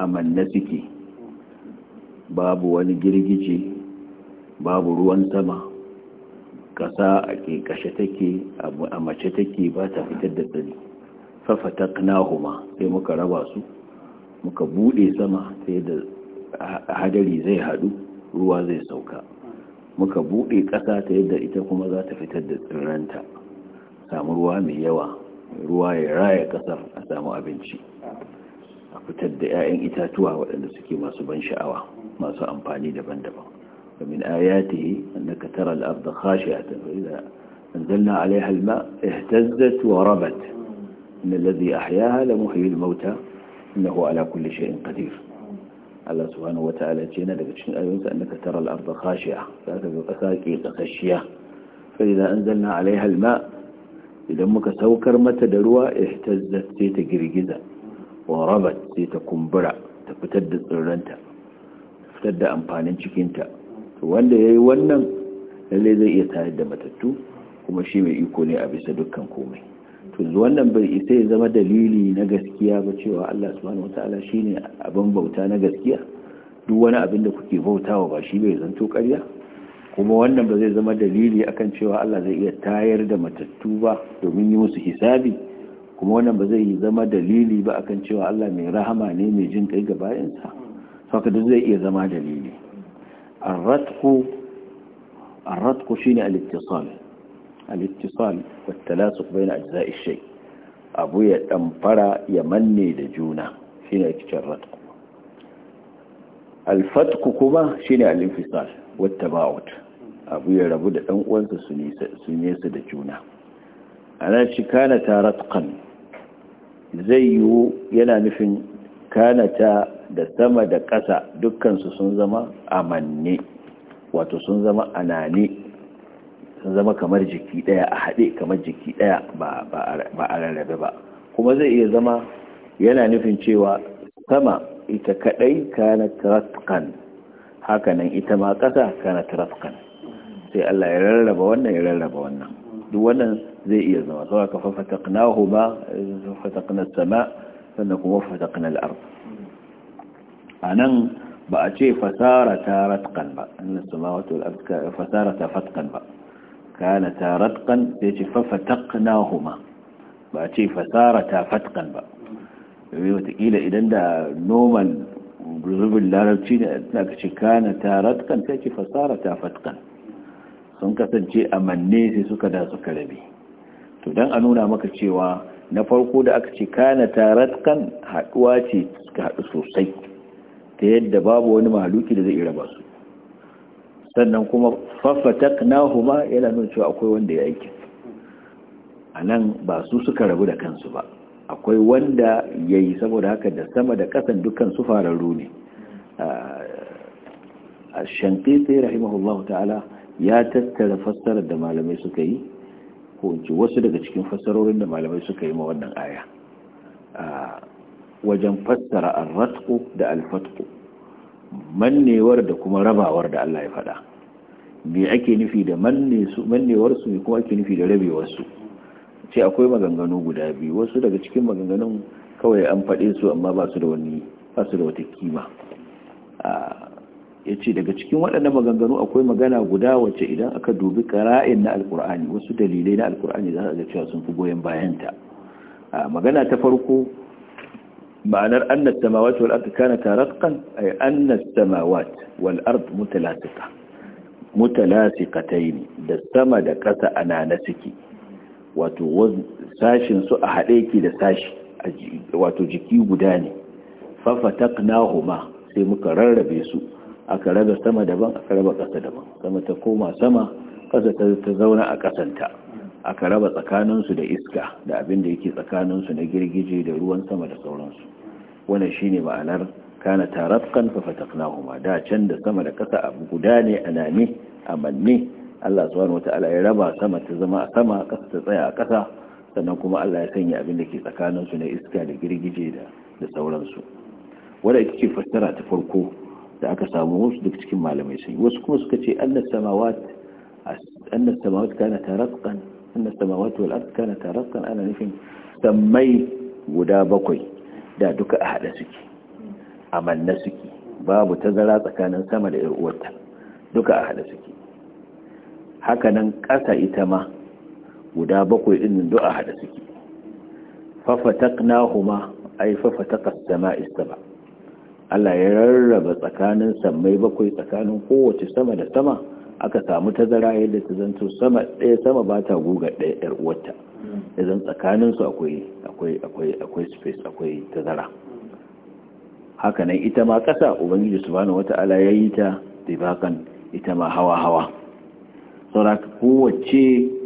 a manna suke babu wani girgije babu ruwan sama kasa a ke kashe take a mace take ba ta fitar da tsari fafata knahuma sai muka raba su muka bude sama sai da hadari zai hadu ruwa zai sauka muka bude kasa ta yadda ita kuma za ta fitar da tsirranta samu ruwa mai yawa ruwa ya raya kasar a samu abinci a fitar da 'ya'yan itatuwa waɗanda suke masu ban sha'awa masu amfani daban-daban ومن آياته أنك ترى الأرض خاشعة فإذا أنزلنا عليها الماء اهتزت وربت إن الذي أحياها لمحيي الموتى إنه على كل شيء قدير الله سبحانه وتعالى جينا لك تشين آيونس أنك ترى الأرض خاشعة فأتذكاكي قخشية فإذا أنزلنا عليها الماء إذا مك سوكر متدروا اهتزت تجري جذا warabat sai ta kumbura ta fitar da tsirranta fitar da amfanin cikinta to wanda ya yi wannan lalle zai iya tayar da matattu kuma shi mai iko ne a bisa dukkan komai to wannan bai isa ya zama dalili na gaskiya ba cewa Allah subhanahu wataala shine abin bauta na gaskiya duk wani abin da kuke bautawa ba shi bai zanto ƙarya kuma wannan ba zai zama dalili akan cewa Allah zai iya tayar da matattu ba domin yi musu hisabi kuma wannan ba zai zama dalili ba akan cewa Allah mai rahama ne mai jin kai ga bayansa saka duk zai iya zama dalili ar-ratqu shine al-ittisal al-ittisal wa talasuq bayna ajza'i shay abu ya damfara ya manne da juna shine ake ratku al-fatku kuma shine al-infisal wa tabawut abu ya rabu da dan uwansa su nisa da juna ana shi kana taratqan zai yiwu yana nufin kanata da sama da ƙasa dukkansu sun zama amanne wato sun zama anane sun zama kamar jiki ɗaya a haɗe kamar jiki ɗaya ba a rarrabe ba kuma zai iya zama yana nufin cewa sama ita kaɗai kana tarafkan hakanan ita ma ƙasa kana tarafkan sai Allah ya rarraba wannan ya rarraba wannan duk wannan zai iya zama sau aka fafatakna huma fafatakna sama sannan kuma fafatakna al'ar a nan ba a ce fasara ta ratkan ba annan sama wato fasara ta fatkan ba kana ta ratkan sai ce fafatakna huma ba a ce fasara ta fatkan ba domin watakila idan da normal rubin larabci ne na ka ce kana ta ratkan sai ce fasara ta fatkan sun kasance a manne sai suka da suka rabe to dan a nuna maka cewa na farko da aka ce kana taratkan haduwa ce suka haɗu sosai ta yadda babu wani maluki da zai iya raba su sannan kuma huma yana nuna cewa akwai wanda ya aiki anan ba su suka rabu da kansu ba akwai wanda yayi saboda haka da sama da ƙasan dukkan su fararru ne a sai rahimahullahu ta'ala ya tattara fassarar da malamai suka yi ko ce wasu daga cikin fassarorin da malamai suka yi ma wannan aya wajen fassara arratku da al-fatqu mannewar da kuma rabawar da Allah ya faɗa me ake nufi da mannewar su me kuma ake nufi da rabewar su ce akwai maganganu guda biyu wasu daga cikin maganganun kawai an faɗe su amma ba su da wani ba su da wata kima ya ce daga cikin waɗannan maganganu akwai magana guda wacce idan aka dubi ƙara'in na alƙur'ani wasu dalilai na alƙur'ani za a ga cewa sun fi goyon bayanta magana ta farko ma'anar annas samawat wal ard kana taratqan ay annas samawat wal ard mutalasiqa mutalasiqatayn da sama da ƙasa anana suke wato sashin su a haɗe ki da sashi wato jiki guda ne fafataqnahuma sai muka rarrabe su aka raba sama daban aka raba ƙasa daban sama ta koma sama ƙasa ta zauna a ƙasanta aka raba tsakaninsu da iska da abin da yake tsakaninsu na girgije da ruwan sama da sauransu wannan shine ma'anar kana tarafkan fa fataknahuma da can da sama da ƙasa abu guda ne a a manne Allah subhanahu wata'ala ya raba sama ta zama a sama ƙasa ta tsaya a ƙasa sannan kuma Allah ya sanya abin da ke tsakaninsu na iska da girgije da da sauransu wadda ita ce fassara ta farko da aka samu wasu duk cikin malamai sun wasu kuma suka ce annas samawat annas samawat kana tarakkan annas samawat wal ard kana tarakkan ana nufin sammai guda bakwai da duka a hada suke amanna suke babu tazara tsakanin sama da ƴar uwarta duka a hada suke haka nan ƙasa ita ma guda bakwai din duka a hada suke fafataqnahuma ay fafataqas samaa'is sab'a Allah ya rarraba tsakanin samai bakwai tsakanin kowace sama da sama aka samu tazara yadda ta zanto sama ɗaya sama ba ta guga ɗaya ɗar uwarta ya zan tsakanin su akwai akwai akwai akwai space akwai tazara haka nan ita ma ƙasa ubangiji su wata Allah ya yi ta dibakan ita ma hawa hawa saboda kowace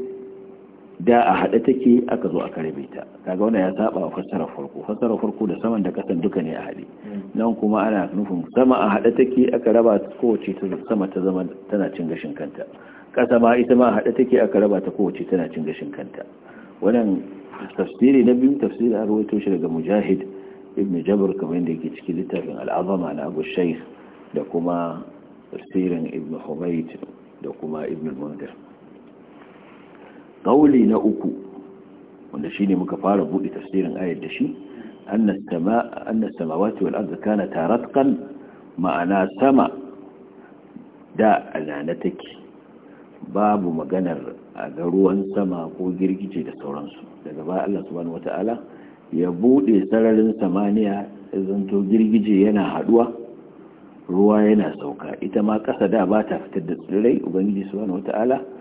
da a haɗe take aka zo aka rabe ta kaga wannan ya saba wa fassara farko fassara farko da saman da kasan duka ne a haɗe hmm. nan kuma ana nufin sama a haɗe take aka raba kowace ta sama ta zama tana cin gashin kanta ƙasa ma ita ma a haɗe take aka raba ta kowace tana cin gashin kanta wannan tafsiri na biyu tafsiri an rawaito shi daga mujahid ibn jabr kamar yadda yake cikin littafin al'azama na abu shaykh da kuma tafsirin ibn humayt da kuma ibn mundir na uku wanda shi ne muka fara buɗe tasirin ayar da shi annas samawati wal ardu kana taratqan ma'ana sama da alana take babu maganar a ga ruwan sama ko girgije da sauransu daga ba Allah subhanahu wata'ala ya buɗe sararin samaniya zanto girgije yana haɗuwa ruwa yana sauka ita ma ƙasa da ba ta fitar da tsirrai ubangiji subhanahu wata'ala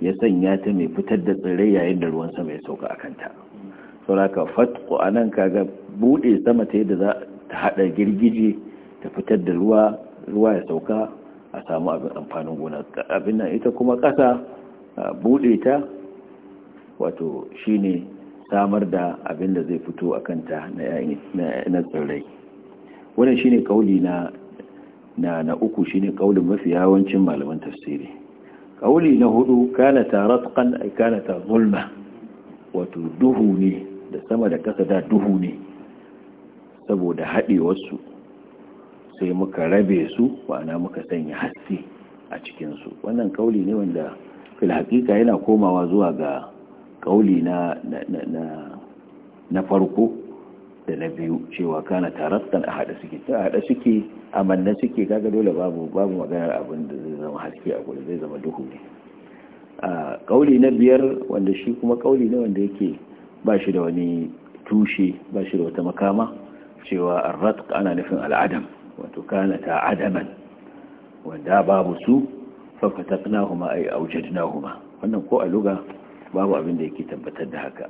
ya sanya ta mai fitar da tsirrai yayin da ruwan sama ya sauka a kanta sauraka fatko a nan kaga buɗe sama ta yadda za ta haɗa girgije ta fitar da ruwa ruwa ya sauka a samu abin amfanin gona abin nan ita kuma ƙasa buɗe ta wato shine samar da abin da zai fito a kanta na tsirrai wannan shine kauli na na uku shine kaulin mafi yawancin malaman tafsiri ƙauli na hudu kana ta ratqan a kana ta zulma wato duhu ne da sama da kasa da duhu ne saboda haɗewarsu sai muka rabe su wana muka sanya haske a cikinsu wannan ƙauli ne wanda fil yana komawa zuwa ga ƙauli na farko da na biyu cewa kana tarattan a haɗa suke ta haɗa suke amanna suke kaga dole babu babu maganar abin da zama haske a gurin zai zama duhu ne a kauli na biyar wanda shi kuma kauli ne wanda yake ba shi da wani tushe ba shi da wata makama cewa arrat ana nufin al'adam wato kana ta adaman wanda babu su yi fataqnahuma na kuma wannan ko a luga babu abin da yake tabbatar da haka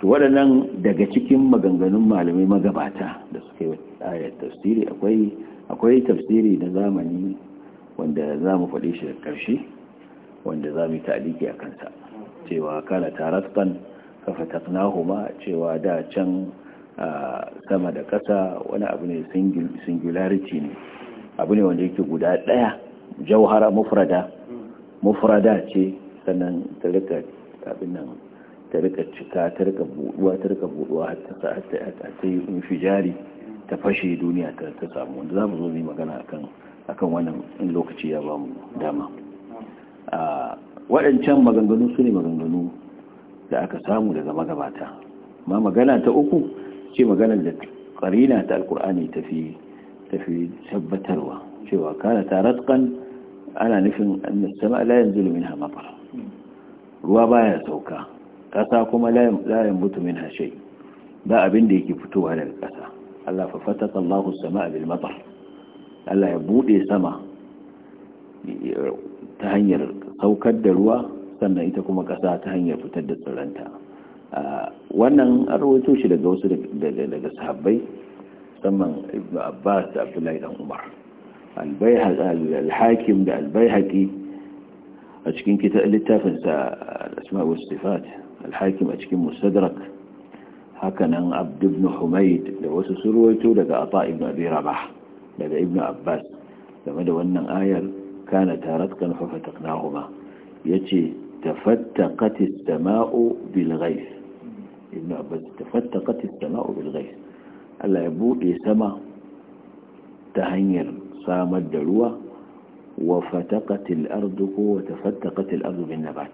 to waɗannan daga cikin maganganun malamai magabata da suka yi ayat tafsiri akwai tafsiri na zamani wanda za mu faɗe shi da ƙarshe wanda za mu yi ta'aliki a kansa cewa kala kana kafa kafatakna ma cewa da can sama da ƙasa wani abu ne singularity ne abu ne wanda yake guda ɗaya jauhara mufrada mufrada ce sannan ta rika abin nan ta cika ta rika buɗuwa ta rika ta yi infijari ta fashe duniya ta samu wanda za mu zo mu magana magana akan akan wannan in lokaci ya ba mu dama waɗancan maganganu su ne maganganu da aka samu daga magabata ma magana ta uku ce magana da karina ta alkur'ani tafi tafi tabbatarwa cewa kana ta ratkan ana nufin sama layan zulumin hamafar ruwa baya sauka ƙasa kuma layan mutumin min hashai ba abin da yake fitowa daga ƙasa Allah fa fataka Allahu sama'a abin matar Allah ya bude sama ta hanyar saukar da ruwa sannan ita kuma ƙasa ta hanyar fitar da tsiranta wannan an shi daga wasu daga sahabbai saman abbas da abdullahi dan umar al da al a cikin littafin sa asma sifat al a cikin mustadrak hakanan abd da wasu surwaito daga ata ibn abirabah daga ibn abbas game da wannan ayar kana taratkan fa fataknahuma yace ce as-sama'u bil ghais ibn abbas tafattaqat as-sama'u bil Allah ya buɗe sama ta hanyar samar da ruwa wa fataqat al-ardu wa tafattaqat ardu bin nabat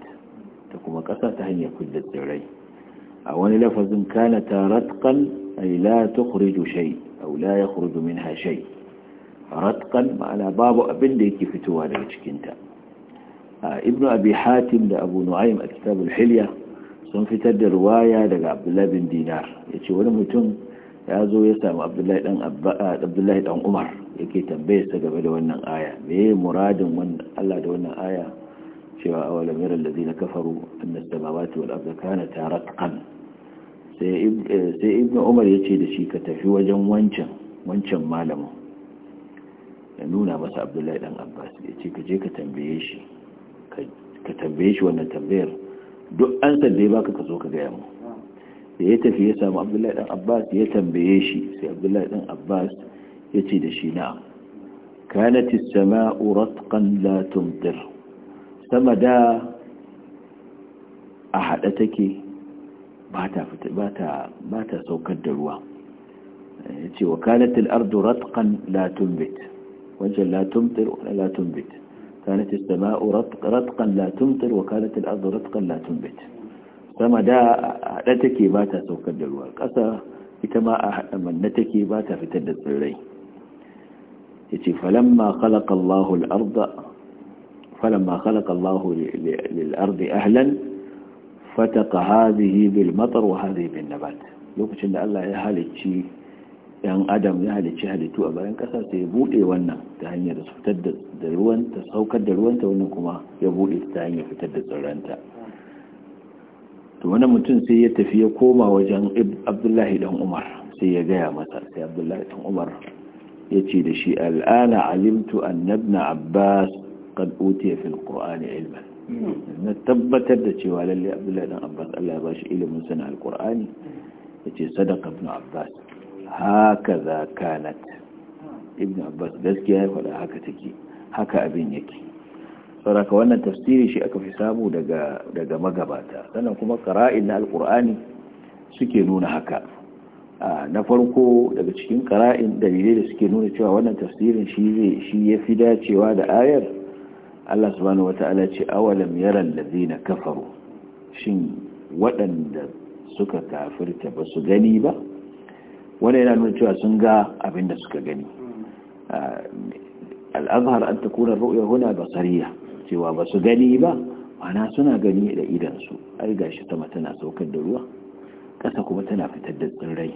ta kuma ƙasa ta hanyar kuddar tsirrai a wani lafazin kana taratkan ay la tukhriju shay aw la yakhruju minha shay' ratkan ma'ana babu abin da yake fitowa daga cikinta ibnu abi hatim da abu nu'aym a kitabul hilya sun fitar da ruwaya daga abdullahi bin dinar yace wani mutum ya zo ya samu abdullahi dan abdullahi dan umar yake tambaye sa game da wannan aya meye muradin wannan Allah da wannan aya cewa awalam yara allazina kafaru anna as-samawati wal arda kanat ratqan sai ibnu eh, umar yace da shi ka tafi wajen wancan wancan malamin ya nuna masa abdullahi dan abbas ya ce ka je ka tambaye shi ka tambaye shi wannan tambayar duk an sanda baka ka zo ka gaya mu da ya tafi ya samu abdullahi dan abbas ya tambaye shi sai abdullahi dan abbas ya ce da shi na'am كانت السماء رتقا لا تمطر sama da a haɗa take ba ta saukar da ruwa ya ce wa kanatil ardu ratqan la tumbit وجل لا تمطر ولا تنبت كانت السماء رتق رتقا لا تمطر وكانت الأرض رتقا لا تنبت فما دا أحدتك باتا سوكد الورق أسا إتما أمنتك باتا في تدد سري فلما خلق الله الأرض فلما خلق الله للأرض أهلا فتق هذه بالمطر وهذه بالنبات يوكش أن الله يهالي yan adam ya halicci halittu a bayan kasa sai ya buɗe wannan ta hanyar fitar da ruwan ta saukar da ruwan ta wannan kuma ya bude ta hanyar fitar da tsirranta to wani mutum sai ya tafi ya koma wajen abdullahi dan umar sai ya gaya masa sai abdullahi dan umar ya ce da shi al'ana alimtu annabna abbas kan utiya fil qur'ani ilman na tabbatar da cewa lalle abdullahi dan abbas Allah ya bashi ilimin sana alqur'ani yace sadaqa ibn abbas haka za kanat ibn abbas gaskiya ya faɗa haka take haka abin yake sauraka wannan tafsiri shi aka fi samu daga magabata sannan kuma ƙara'in na alƙur'ani suke nuna haka na farko daga cikin ƙara'in dalilai da suke nuna cewa wannan tafsirin shi ya fi dacewa da ayar Allah subhanahu wata'ala ce awalam yaran na kafaru shin waɗanda suka kafirta ba su gani ba wanda yana nuna cewa sun ga abin da suka gani ah, al'azhar an ta kuna ru'ya huna basariya cewa ba su gani ba ana suna gani da idansu ai gashi sama tana saukar da ruwa ƙasa kuma tana fitar da tsirrai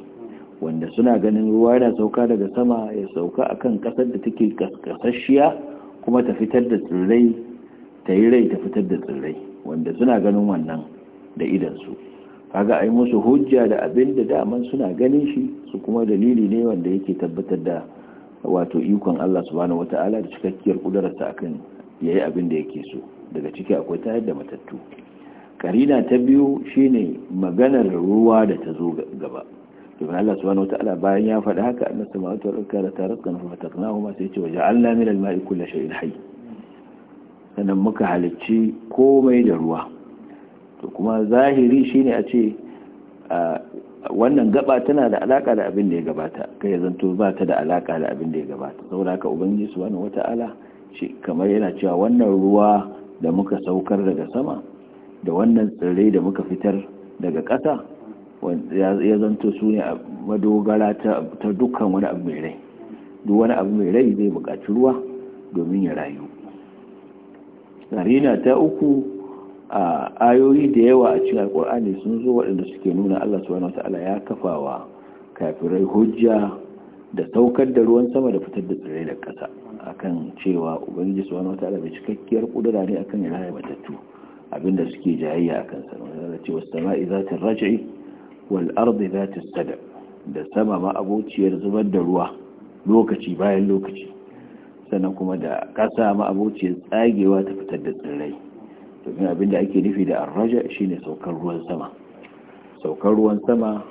wanda suna ganin ruwa yana sauka daga sama ya sauka a kan ƙasar da take kasashiya kuma ta fitar da tsirrai ta yi rai ta fitar da tsirrai wanda suna ganin wannan da idansu kaga a yi musu hujja da abin da dama suna ganin shi su kuma dalili ne wanda yake tabbatar da wato ikon Allah subhanahu wata'ala da cikakkiyar kudararsa akan yayi abin da yake so daga ciki akwai tayar da matattu karina ta biyu shine maganar ruwa da ta zo gaba ibn Allah subhanahu wata'ala bayan ya faɗa haka annas samawati wal ardi la tarakkan fa fataqnahu ma sai ce waja'alna min al-ma'i kulli shay'in hayy sannan muka halicci komai da ruwa to kuma zahiri shine a ce wannan gaba tana da alaka da abin da ya gabata kai zanto ba ta da alaka da abin da ya gabata saboda haka ubangiji subhanahu wata'ala shi kamar yana cewa wannan ruwa da muka saukar daga sama da wannan tsirrai da muka fitar daga ƙasa ya zanto su ne madogara ta dukkan wani abu mai rai duk wani abu mai rai zai buƙaci ruwa domin ya rayu. Tsarina ta uku A ayoyi da yawa a cikin alkur'ani sun zo waɗanda suke nuna Allah subhanahu ta'ala) ya kafawa kafirai hujja da saukar da ruwan sama da fitar da tsirrai da ƙasa akan cewa ubangiji subhanahu ta'ala) bai cikakkiyar kudura ne akan ya matattu abinda suke jayayya akan sa da cewa sama'i zati raj'i wal ardi ta sada da sama ma abociyar zubar da ruwa lokaci bayan lokaci sannan kuma da ƙasa ma abociyar tsagewa ta fitar da tsirrai domin abinda ake nufi da arraja shine saukar ruwan sama saukar ruwan sama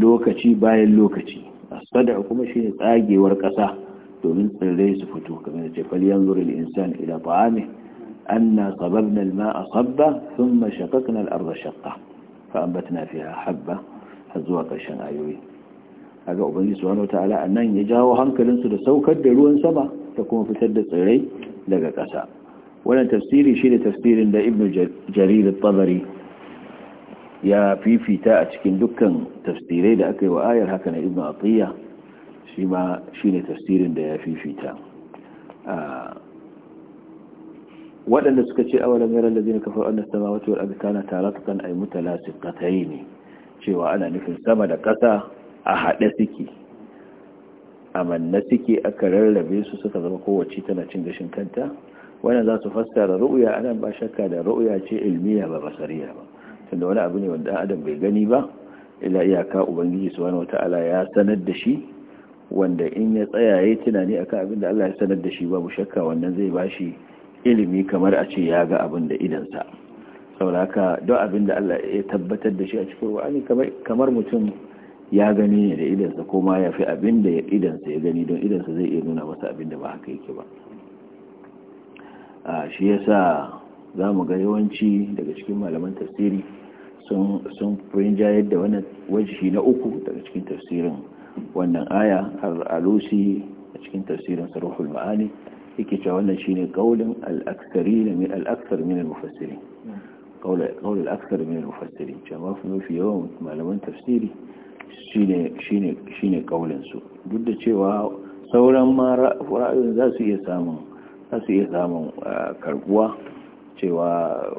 lokaci bayan lokaci asada kuma shine tsagewar ƙasa domin tsirrai su fito kamar ce fal yanzuru lil insani ila ta'ami anna sababna al-ma'a sabba thumma shaqaqna al-ardha shaqqa fa anbatna fiha habba har zuwa ƙarshen ayoyi kaga ubangiji subhanahu wataala anan ya jawo hankalinsu da saukar da ruwan sama ta kuma fitar da tsirrai daga ƙasa wannan tafsiri shi ne tafsirin da ibn jarir tabari ya fifita a cikin dukkan tafsirai da aka yi wa ayar haka na ibn atiyya shi ma shi ne tafsirin da ya fifita waɗanda suka ce awalan yaran da zina kafar annas samawati wal ardi kana taratan ay mutalasiqatayn cewa ana nufin sama da ƙasa a haɗe suke na suke aka rarrabe su suka zama kowace tana cin gashin kanta wannan za su fassara ru'ya anan ba shakka da ru'ya ce ilmiya ba basariya ba tunda wani abu ne wanda adam bai gani ba ila iyaka ubangiji subhanahu wataala ya sanar da shi wanda in ya tsaya yayi tunani akan abin da Allah ya sanar da shi babu shakka wannan zai bashi ilimi kamar a ce ya ga abin da idansa saboda don abin da Allah ya tabbatar da shi a cikin wa'ani kamar mutum ya gani ne da idansa ko ma ya fi abin da idansa ya gani don idansa zai iya nuna masa abin da ba haka yake ba shi yasa za mu ga yawanci daga cikin malaman tafsiri sun rinjayar yadda wani wajihi na uku daga cikin tafsirin wannan aya har alusi a cikin tafsirin sarraful ma'ani yake cewa wannan shine kaulin al-aksari min al-aksar min al-mufassirin kaulin min al cewa mafi yawan malaman tafsiri shi ne su duk da cewa sauran ma ra'ayoyin za su iya samun za su iya samun karbuwa cewa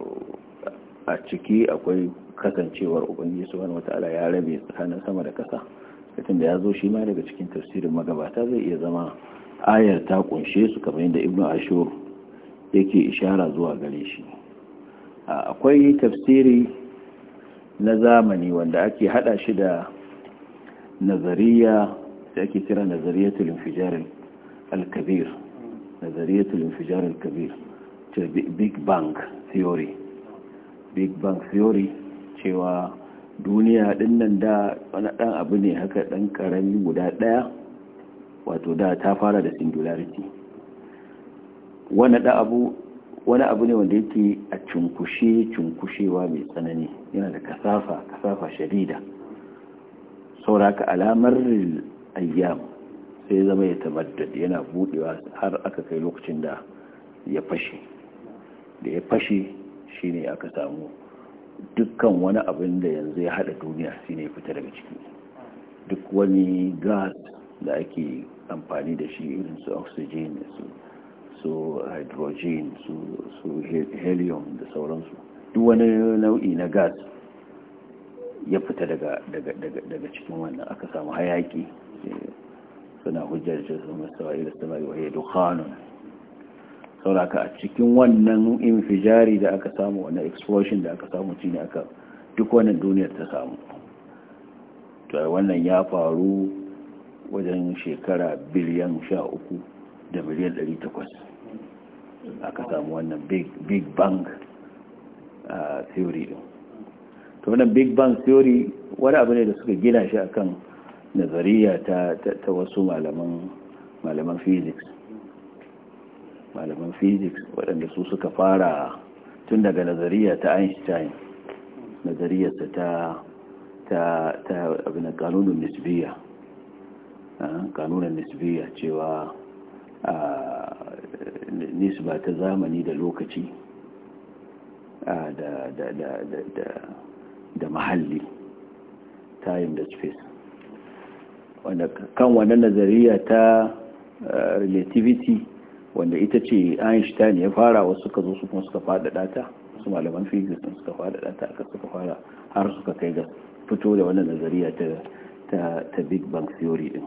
a ciki akwai kasancewar ubangiji wata ala ya rabe tsakanin sama da kasa katin da ya zo shi ma daga cikin tafsirin magabata zai iya zama ayar ta kunshe su kamar yadda ibnu ashur yake ishara zuwa gare shi akwai tafsiri na zamani wanda ake hada shi da nazariya da ake kira nazariyatul infijar al-kabir nazariyatul infijar al-kabir ce big bang theory big bang theory cewa duniya din nan da wani dan abu ne haka dan karami guda ɗaya wato da ta fara da singularity wani abu ne wanda yake a cunkushe cunkushewa mai tsanani yana da kasafa kasafa sharida sauraka alamar ayyam sai zama ya tabaddada yana budewa har aka kai lokacin da ya fashe da ya fashe shine aka samu dukkan wani abin da yanzu ya hada duniya shine ya fita daga ciki duk wani gas da ake amfani da shi irin su oxygen su su hydrogen su su helium da sauransu duk wani nau'i na gas ya fita daga daga cikin wannan aka samu hayaki eh, suna hujjar shi sun mastawa ila samari wa yadu khanun sauraka a cikin wannan infijari da aka samu wannan explosion da aka samu cini aka duk wannan duniyar ta samu to wannan ya faru wajen shekara biliyan 13 da miliyan 800 aka samu wannan big bang theory to wannan big bang theory wani abu ne da suka gina shi akan nazariya ta ta wasu malaman malaman physics malaman physics waɗanda su suka fara tun daga nazariya ta Einstein nazariyarsa ta ta ta abin kanunin nisbiya ah, kanunin nisbiya cewa ah, nisba ta zamani da lokaci ah, da da da da da mahalli time da space wanda kan wannan nazariya ta eh, relativity wanda ita ce Einstein ya fara wasu suka zo su kuma suka faɗaɗa ta su malaman physics suka faɗaɗa ta aka suka fara har suka kai ga fito da wannan nazariya ta ta Big Bang theory din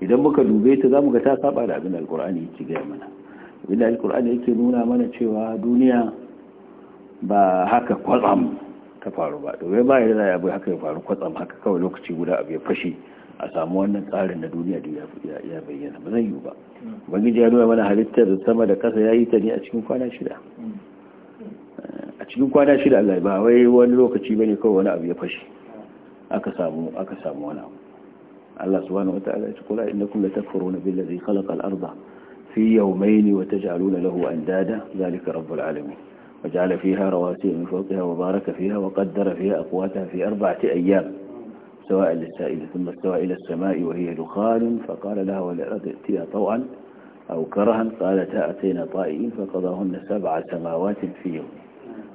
idan muka dube ta zamu ga ta saba da abin alkur'ani yake gaya mana abin alqur'ani yake nuna mana cewa duniya ba haka kwatsam ta faru ba domin ba yadda ya bai haka ya faru kwatsam haka kawai lokaci guda abu ya fashe a samu wannan tsarin na duniya da ya bayyana ba zai yiwu ba ubangiji ya nuna mana halittar sama da kasa ya yi ta ne a cikin kwana shida a cikin kwana shida Allah ba wai wani lokaci bane kawai wani abu ya fashe aka samu aka samu wani abu Allah subhanahu wataala ya ce kula innakum latakfuruna billazi khalaqa al-arda fi yawmayni wa taj'aluna lahu andada zalika rabbul alamin وجعل فيها رواسي من فوقها وبارك فيها وقدر فيها أقواتها في أربعة أيام سواء للسائل ثم استوى إلى السماء وهي دخان فقال لها ولأرض ائتيها طوعا أو كرها قالتا أتينا طائئين فقضاهن سبع سماوات في يوم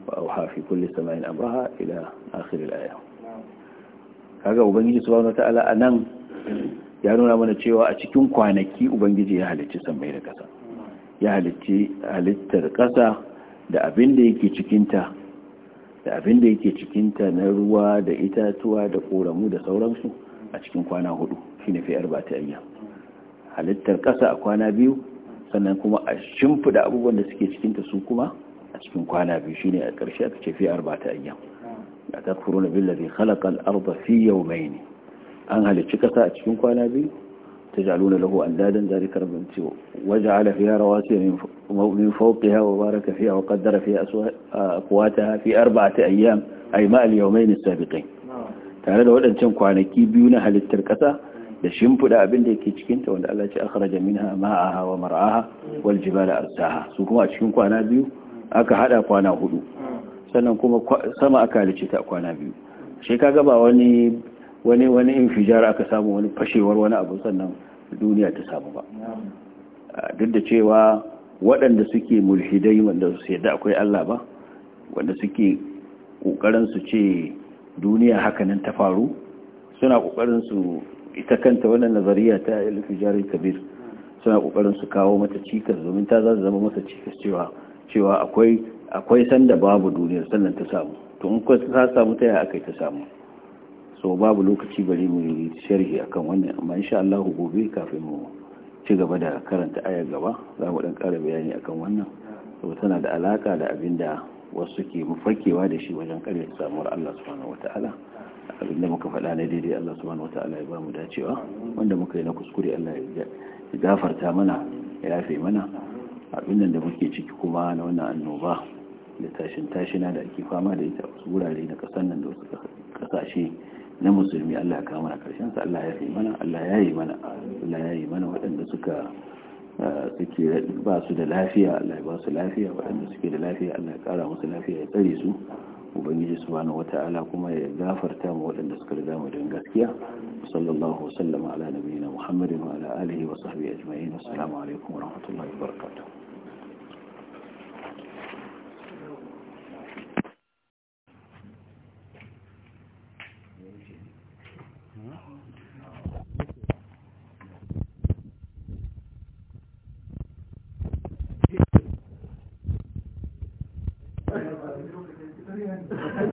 وأوحى في كل سماء أمرها إلى آخر الآية kaga ubangiji subhanahu wataala anan ya من mana cewa a cikin وبنجي ubangiji ya halicci sammai da ƙasa ya halicci da abin da yake cikinta da abin da yake cikinta na ruwa da itatuwa da koramu da sauransu a cikin kwana hudu shi ne fi'ar ba ta halittar ƙasa a kwana biyu sannan kuma a shimfiɗa abubuwan da suke cikinta su kuma a cikin kwana biyu shi ne a ƙarshe aka ce fi'ar ba ta da ta na billazi khalaqa arda fi yawmayn an halicci ƙasa a cikin kwana biyu تجعلون له أندادا ذلك رب وجعل فيها رواسي من فوقها وبارك فيها وقدر فيها أقواتها في أربعة أيام أي ماء اليومين السابقين تعالى لو أن تنكو عن كيبيونها للتركسة لشنفو لأبن دي كيشكين وأن الله أخرج منها ماءها ومرعاها والجبال أرساها سوكما أشكينكو أنا بيو أكا حدا أقوانا هدو سننكو سما أكالي شتاء أقوانا بيو شيكا قبا واني wani wani infijar aka samu wani fashewar wani abu sannan duniya ta samu ba duk da cewa waɗanda suke mulhidai wanda su yadda akwai Allah ba wanda suke ƙoƙarin su ce duniya hakanan ta faru suna ƙoƙarin su ita kanta wannan nazariya ta infijar kabir suna ƙoƙarin su kawo mata cikas domin ta za zama masa cikas cewa cewa akwai akwai sanda babu duniya sannan ta samu to in ta samu ta yaya aka ta samu so babu lokaci bari mu yi sharhi akan wannan amma insha Allah gobe kafin mu ci gaba da karanta ayar gaba za mu dan ƙara bayani akan wannan to tana da alaka da abinda wasu ke mafakewa da shi wajen kare samuwar Allah subhanahu wataala abinda muka faɗa na daidai Allah subhanahu wataala ya ba mu dacewa wanda muka yi na kuskure Allah ya gafarta mana ya yafe mana abin da muke ciki kuma na wannan annoba da tashin tashina da ake fama da ita wasu wurare na kasan nan da wasu kasashe na musulmi Allah ya ka mana ƙarshen sa Allah ya yi mana Allah ya yi mana Allah ya yi mana waɗanda suka eh, suke ba su da lafiya Allah ya ba su lafiya waɗanda suke da lafiya Allah ya ƙara musu lafiya ya tsare su ubangiji subhanahu wata'ala kuma ya gafarta mu waɗanda suka riga mu don gaskiya sallallahu sallama ala nabiyina muhammadin wa ala alihi wa sahbihi ajma'in assalamu alaikum wa rahmatullahi wa barakatuh